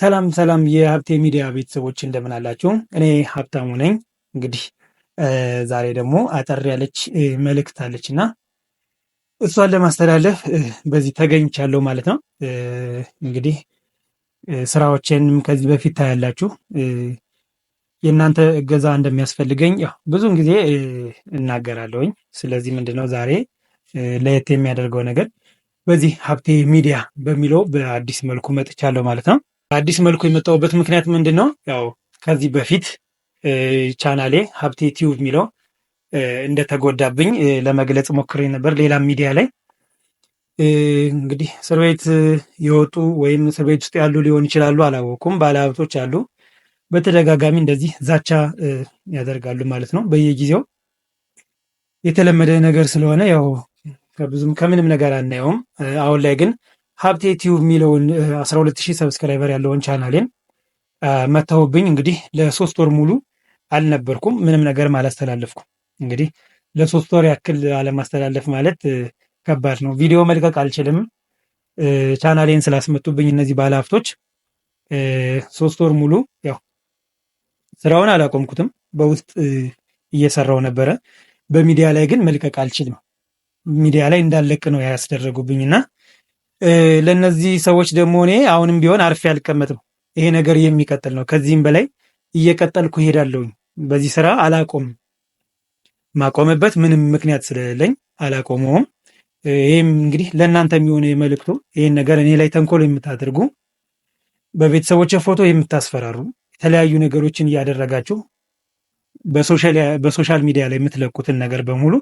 ሰላም ሰላም የሀብቴ ሚዲያ ቤተሰቦች እንደምን አላችሁ? እኔ ሀብታሙ ነኝ። እንግዲህ ዛሬ ደግሞ አጠር ያለች መልእክት አለች እና እሷን ለማስተላለፍ በዚህ ተገኝቻለሁ ማለት ነው። እንግዲህ ስራዎችንም ከዚህ በፊት ታያላችሁ። የእናንተ እገዛ እንደሚያስፈልገኝ ያው ብዙውን ጊዜ እናገራለሁኝ። ስለዚህ ምንድነው ዛሬ ለየት የሚያደርገው ነገር በዚህ ሀብቴ ሚዲያ በሚለው በአዲስ መልኩ መጥቻለሁ ማለት ነው። በአዲስ መልኩ የመጣሁበት ምክንያት ምንድን ነው? ያው ከዚህ በፊት ቻናሌ ሀብቴ ቲዩብ የሚለው እንደተጎዳብኝ ለመግለጽ ሞክሬ ነበር፣ ሌላ ሚዲያ ላይ እንግዲህ እስር ቤት የወጡ ወይም እስር ቤት ውስጥ ያሉ ሊሆን ይችላሉ፣ አላወቁም። ባለሀብቶች አሉ፣ በተደጋጋሚ እንደዚህ ዛቻ ያደርጋሉ ማለት ነው። በየጊዜው የተለመደ ነገር ስለሆነ ያው ከብዙም ከምንም ነገር አናየውም። አሁን ላይ ግን ሀብቴ ቲዩብ የሚለውን 12000 ሰብስክራይበር ያለውን ቻናሌን መተውብኝ እንግዲህ ለሶስት ወር ሙሉ አልነበርኩም። ምንም ነገርም አላስተላለፍኩም። እንግዲህ ለሶስት ወር ያክል አለማስተላለፍ ማለት ከባድ ነው። ቪዲዮ መልቀቅ አልችልም። ቻናሌን ስላስመጡብኝ እነዚህ ባለሀብቶች ሶስት ወር ሙሉ ያው ስራውን አላቆምኩትም። በውስጥ እየሰራው ነበረ። በሚዲያ ላይ ግን መልቀቅ አልችልም። ሚዲያ ላይ እንዳለቅ ነው ያስደረጉብኝና ለእነዚህ ሰዎች ደግሞ እኔ አሁንም ቢሆን አርፌ አልቀመጥም። ይሄ ነገር የሚቀጥል ነው። ከዚህም በላይ እየቀጠልኩ እሄዳለሁኝ። በዚህ ስራ አላቆም ማቆምበት ምንም ምክንያት ስለሌለኝ አላቆመውም። ይህም እንግዲህ ለእናንተ የሚሆነ መልእክቱ ይህን ነገር እኔ ላይ ተንኮል የምታደርጉ በቤተሰቦች ፎቶ የምታስፈራሩ የተለያዩ ነገሮችን እያደረጋችሁ በሶሻል ሚዲያ ላይ የምትለቁትን ነገር በሙሉ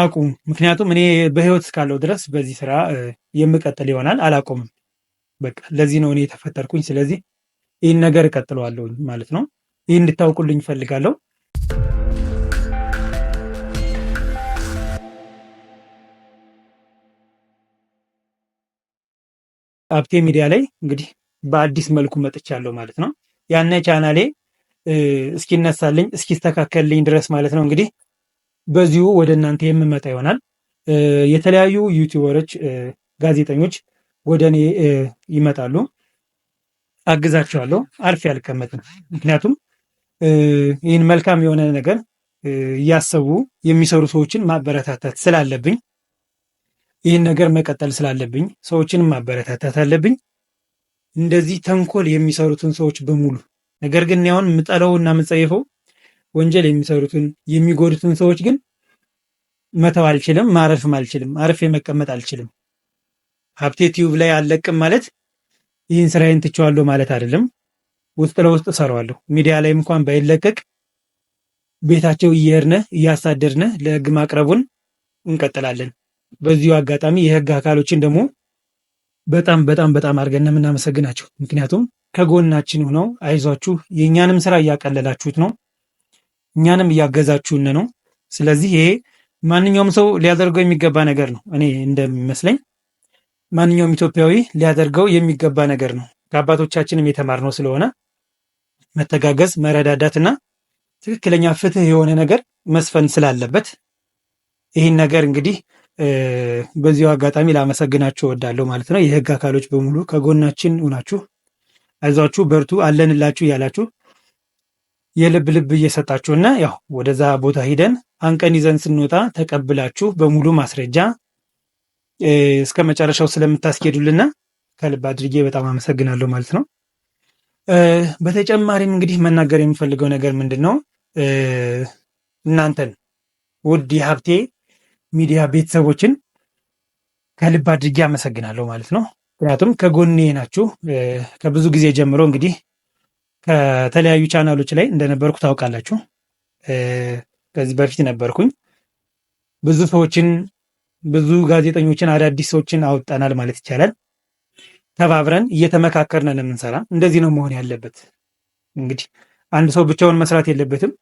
አቁም። ምክንያቱም እኔ በህይወት እስካለው ድረስ በዚህ ስራ የምቀጥል ይሆናል። አላቆምም። በቃ ለዚህ ነው እኔ የተፈጠርኩኝ። ስለዚህ ይህን ነገር እቀጥለዋለሁ ማለት ነው። ይህ እንድታውቁልኝ እፈልጋለሁ። አብቴ ሚዲያ ላይ እንግዲህ በአዲስ መልኩ መጥቻለሁ ማለት ነው። ያነ ቻናሌ እስኪነሳልኝ እስኪስተካከልልኝ ድረስ ማለት ነው እንግዲህ በዚሁ ወደ እናንተ የምመጣ ይሆናል። የተለያዩ ዩቲዩበሮች፣ ጋዜጠኞች ወደ እኔ ይመጣሉ፣ አግዛቸዋለሁ። አርፍ አልቀመጥም። ምክንያቱም ይህን መልካም የሆነ ነገር እያሰቡ የሚሰሩ ሰዎችን ማበረታታት ስላለብኝ ይህን ነገር መቀጠል ስላለብኝ ሰዎችን ማበረታታት አለብኝ። እንደዚህ ተንኮል የሚሰሩትን ሰዎች በሙሉ ነገር ግን ያሁን ምጠለውና እና ወንጀል የሚሰሩትን የሚጎዱትን ሰዎች ግን መተው አልችልም፣ ማረፍም አልችልም፣ አርፌ መቀመጥ አልችልም። ሀብቴ ቲዩብ ላይ አልለቅም ማለት ይህን ስራዬን ትቼዋለሁ ማለት አይደለም። ውስጥ ለውስጥ እሰራዋለሁ። ሚዲያ ላይ እንኳን ባይለቀቅ ቤታቸው እየሄድነ እያሳደድነ ለህግ ማቅረቡን እንቀጥላለን። በዚሁ አጋጣሚ የህግ አካሎችን ደግሞ በጣም በጣም በጣም አድርገን የምናመሰግናቸው። ምክንያቱም ከጎናችን ሆነው አይዟችሁ፣ የእኛንም ስራ እያቀለላችሁት ነው። እኛንም እያገዛችሁን ነው። ስለዚህ ይሄ ማንኛውም ሰው ሊያደርገው የሚገባ ነገር ነው። እኔ እንደሚመስለኝ ማንኛውም ኢትዮጵያዊ ሊያደርገው የሚገባ ነገር ነው። ከአባቶቻችንም የተማርነው ስለሆነ መተጋገዝ፣ መረዳዳትና ትክክለኛ ፍትህ የሆነ ነገር መስፈን ስላለበት ይህን ነገር እንግዲህ በዚሁ አጋጣሚ ላመሰግናችሁ እወዳለሁ ማለት ነው። የህግ አካሎች በሙሉ ከጎናችን ሁናችሁ አይዟችሁ፣ በርቱ፣ አለንላችሁ እያላችሁ የልብ ልብ እየሰጣችሁና ያው ወደዛ ቦታ ሂደን አንቀን ይዘን ስንወጣ ተቀብላችሁ በሙሉ ማስረጃ እስከ መጨረሻው ስለምታስኬዱልና ከልብ አድርጌ በጣም አመሰግናለሁ ማለት ነው። በተጨማሪም እንግዲህ መናገር የሚፈልገው ነገር ምንድን ነው? እናንተን ውድ የሀብቴ ሚዲያ ቤተሰቦችን ከልብ አድርጌ አመሰግናለሁ ማለት ነው። ምክንያቱም ከጎኔ ናችሁ። ከብዙ ጊዜ ጀምሮ እንግዲህ ከተለያዩ ቻናሎች ላይ እንደነበርኩ ታውቃላችሁ። ከዚህ በፊት ነበርኩኝ። ብዙ ሰዎችን ብዙ ጋዜጠኞችን አዳዲስ ሰዎችን አውጣናል ማለት ይቻላል። ተባብረን እየተመካከርን የምንሰራ። እንደዚህ ነው መሆን ያለበት። እንግዲህ አንድ ሰው ብቻውን መስራት የለበትም።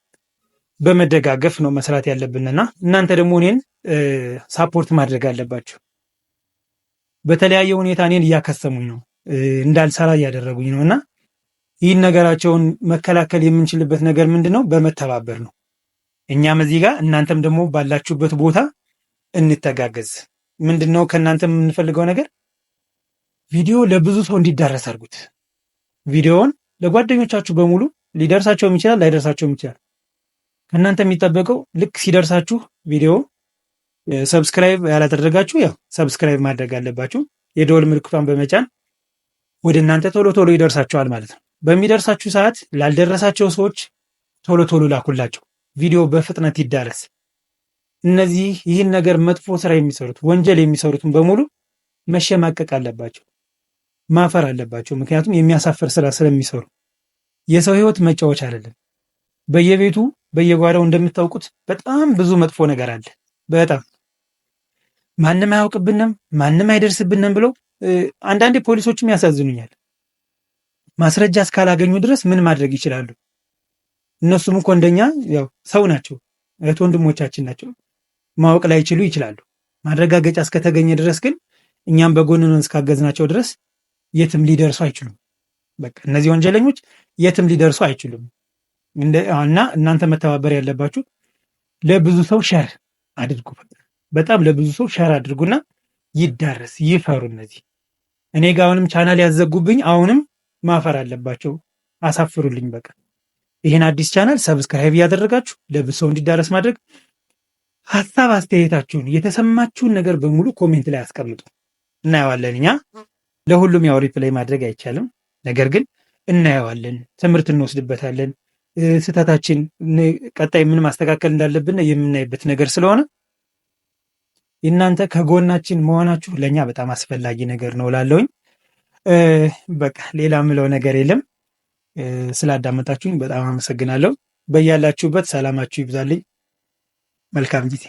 በመደጋገፍ ነው መስራት ያለብንና እናንተ ደግሞ እኔን ሳፖርት ማድረግ አለባችሁ። በተለያየ ሁኔታ እኔን እያከሰሙኝ ነው፣ እንዳልሰራ እያደረጉኝ ነው እና ይህን ነገራቸውን መከላከል የምንችልበት ነገር ምንድን ነው? በመተባበር ነው። እኛም እዚህ ጋር እናንተም ደግሞ ባላችሁበት ቦታ እንተጋገዝ። ምንድን ነው ከእናንተ የምንፈልገው ነገር ቪዲዮ ለብዙ ሰው እንዲዳረስ አድርጉት። ቪዲዮውን ለጓደኞቻችሁ በሙሉ ሊደርሳቸውም ይችላል፣ ላይደርሳቸውም ይችላል። ከእናንተ የሚጠበቀው ልክ ሲደርሳችሁ ቪዲዮ ሰብስክራይብ ያላደረጋችሁ ያው ሰብስክራይብ ማድረግ አለባችሁ። የደወል ምልክቷን በመጫን ወደ እናንተ ቶሎ ቶሎ ይደርሳችኋል ማለት ነው። በሚደርሳችሁ ሰዓት ላልደረሳቸው ሰዎች ቶሎ ቶሎ ላኩላቸው። ቪዲዮ በፍጥነት ይዳረስ። እነዚህ ይህን ነገር መጥፎ ስራ የሚሰሩት ወንጀል የሚሰሩትን በሙሉ መሸማቀቅ አለባቸው፣ ማፈር አለባቸው። ምክንያቱም የሚያሳፍር ስራ ስለሚሰሩ የሰው ህይወት መጫወች አይደለም። በየቤቱ በየጓዳው እንደምታውቁት በጣም ብዙ መጥፎ ነገር አለ። በጣም ማንም አያውቅብንም፣ ማንም አይደርስብንም ብለው አንዳንዴ ፖሊሶችም ያሳዝኑኛል። ማስረጃ እስካላገኙ ድረስ ምን ማድረግ ይችላሉ? እነሱም እኮ እንደኛ ያው ሰው ናቸው፣ እህት ወንድሞቻችን ናቸው። ማወቅ ላይችሉ ይችላሉ። ማረጋገጫ እስከተገኘ ድረስ ግን እኛም በጎን ነን እስካገዝናቸው ድረስ የትም ሊደርሱ አይችሉም። በቃ እነዚህ ወንጀለኞች የትም ሊደርሱ አይችሉም። እና እናንተ መተባበር ያለባችሁ ለብዙ ሰው ሸር አድርጉ። በጣም ለብዙ ሰው ሸር አድርጉና ይዳረስ፣ ይፈሩ። እነዚህ እኔ ጋ አሁንም ቻናል ያዘጉብኝ አሁንም ማፈር አለባቸው። አሳፍሩልኝ በቃ። ይህን አዲስ ቻናል ሰብስክራይብ እያደረጋችሁ ለብሶ እንዲዳረስ ማድረግ፣ ሀሳብ አስተያየታችሁን፣ የተሰማችሁን ነገር በሙሉ ኮሜንት ላይ አስቀምጡ። እናየዋለን። እኛ ለሁሉም ያው ሪፕላይ ማድረግ አይቻልም፣ ነገር ግን እናየዋለን፣ ትምህርት እንወስድበታለን። ስህተታችን ቀጣይ ምን ማስተካከል እንዳለብን የምናይበት ነገር ስለሆነ እናንተ ከጎናችን መሆናችሁ ለእኛ በጣም አስፈላጊ ነገር ነው ላለውኝ በቃ ሌላ ምለው ነገር የለም። ስላዳመጣችሁኝ በጣም አመሰግናለሁ። በያላችሁበት ሰላማችሁ ይብዛልኝ። መልካም ጊዜ